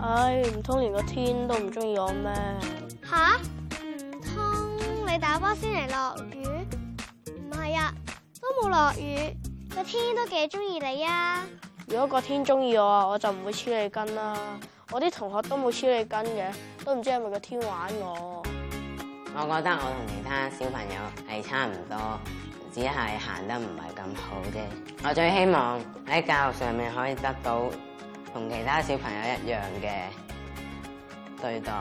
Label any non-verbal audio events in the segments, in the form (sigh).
唉，唔通連個天都唔中意我咩？吓、啊，唔通你打波先嚟落雨？唔係啊，都冇落雨，個天都幾中意你啊！如果個天中意我，我就唔會黐你筋啦。我啲同學都冇黐你筋嘅，都唔知係咪個天玩我。我覺得我同其他小朋友係差唔多，只係行得唔係咁好啫。我最希望喺教育上面可以得到同其他小朋友一樣嘅對待，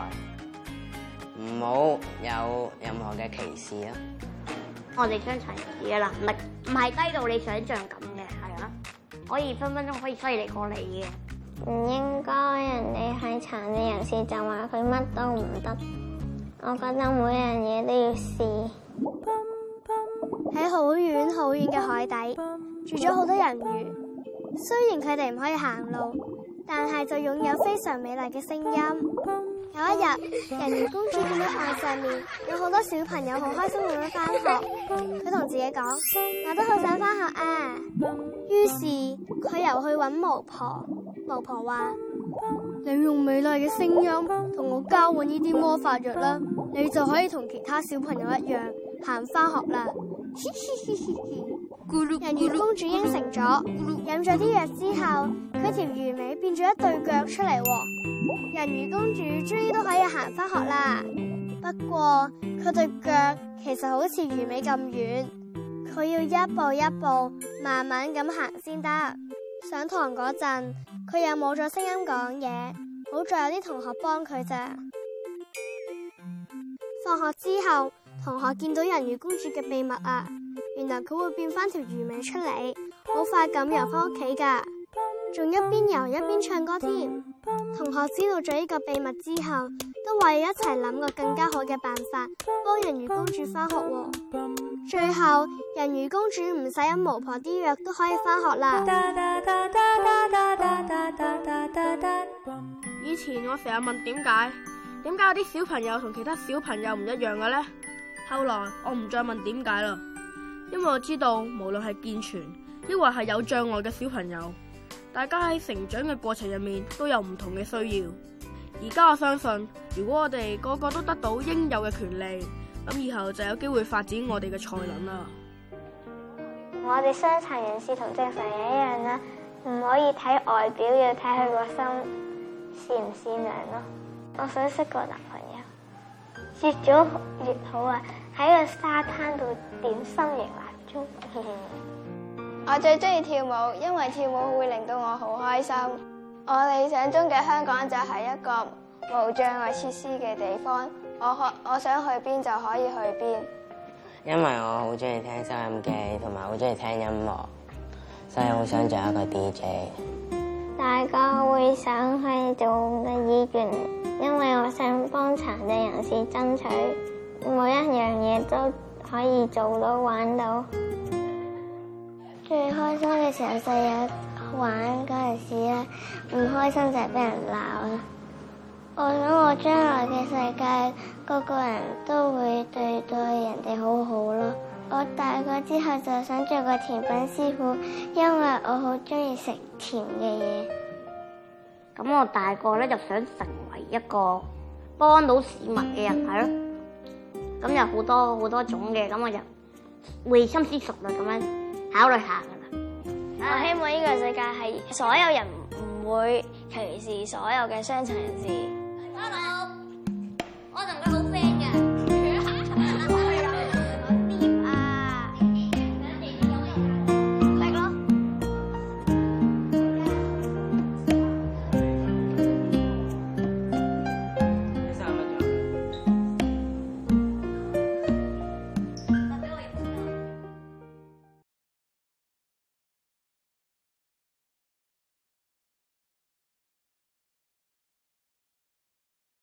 唔好有任何嘅歧視啊！我哋傷殘人士啊，唔係唔係低到你想象咁嘅，係啊，可以分分鐘可以犀利過你嘅。唔應該人，人哋係殘嘅人士就話佢乜都唔得。我覺得每樣嘢都要試。喺好遠好遠嘅海底住咗好多人魚，雖然佢哋唔可以行路，但係就擁有非常美麗嘅聲音。有一日，人魚公主見到岸上面有好多小朋友好開心咁樣返學，佢同自己講：我都好想返學啊！於是佢又去搵巫婆，巫婆話。你用美麗嘅聲音同我交換呢啲魔法藥啦，你就可以同其他小朋友一樣行翻學啦。 (laughs) 人魚公主應承咗，飲咗啲藥之後，佢條魚尾變咗一對腳出嚟。人魚公主終於都可以行翻學啦，不過佢對腳其實好似魚尾咁軟，佢要一步一步慢慢咁行先得。上堂嗰陣，佢又冇咗聲音講嘢，好在有啲同學幫佢啫。放學之後，同學見到人魚公主嘅秘密啊！原來佢會變翻條魚尾出嚟，好快咁游翻屋企㗎，仲一邊游一邊唱歌添。同學知道咗呢個秘密之後，都話要一齊諗個更加好嘅辦法，幫人魚公主翻學。最後，人魚公主唔使飲巫婆啲藥都可以翻學啦。以前我成日問點解，點解有啲小朋友同其他小朋友唔一樣嘅呢？後來我唔再問點解啦，因為我知道無論係健全，抑或係有障礙嘅小朋友。大家喺成長嘅過程入面都有唔同嘅需要。而家我相信，如果我哋個個都得到應有嘅權利，咁以後就有機會發展我哋嘅才能啦。我哋傷殘人士同正常人一樣啦，唔可以睇外表，要睇佢個心善唔善良咯。我想識個男朋友，越早越好啊！喺個沙灘度點心型蠟燭。 (laughs) 我最中意跳舞，因為跳舞會令到我好開心。我理想中嘅香港就係一個無障礙設施嘅地方，我可我想去邊就可以去邊。因為我好中意聽收音機，同埋好中意聽音樂，所以好想做一個 DJ。大家會想去做嘅議員，因為我想幫殘疾人士爭取，每一樣嘢都可以做到玩到。最開心嘅時候，細日玩嗰陣時啊，唔開心就係俾人鬧啊。我想我將來嘅世界，個個人都會對待人哋好好咯。我大個之後就想做個甜品師傅，因為我好中意食甜嘅嘢。咁我大個咧就想成為一個幫到市民嘅人係咯。咁有好多好多種嘅，咁我就會心思熟慮咁樣，考慮下，我希望呢個世界係所有人唔會歧視所有嘅傷殘人士。Hello，我陣間。 (music)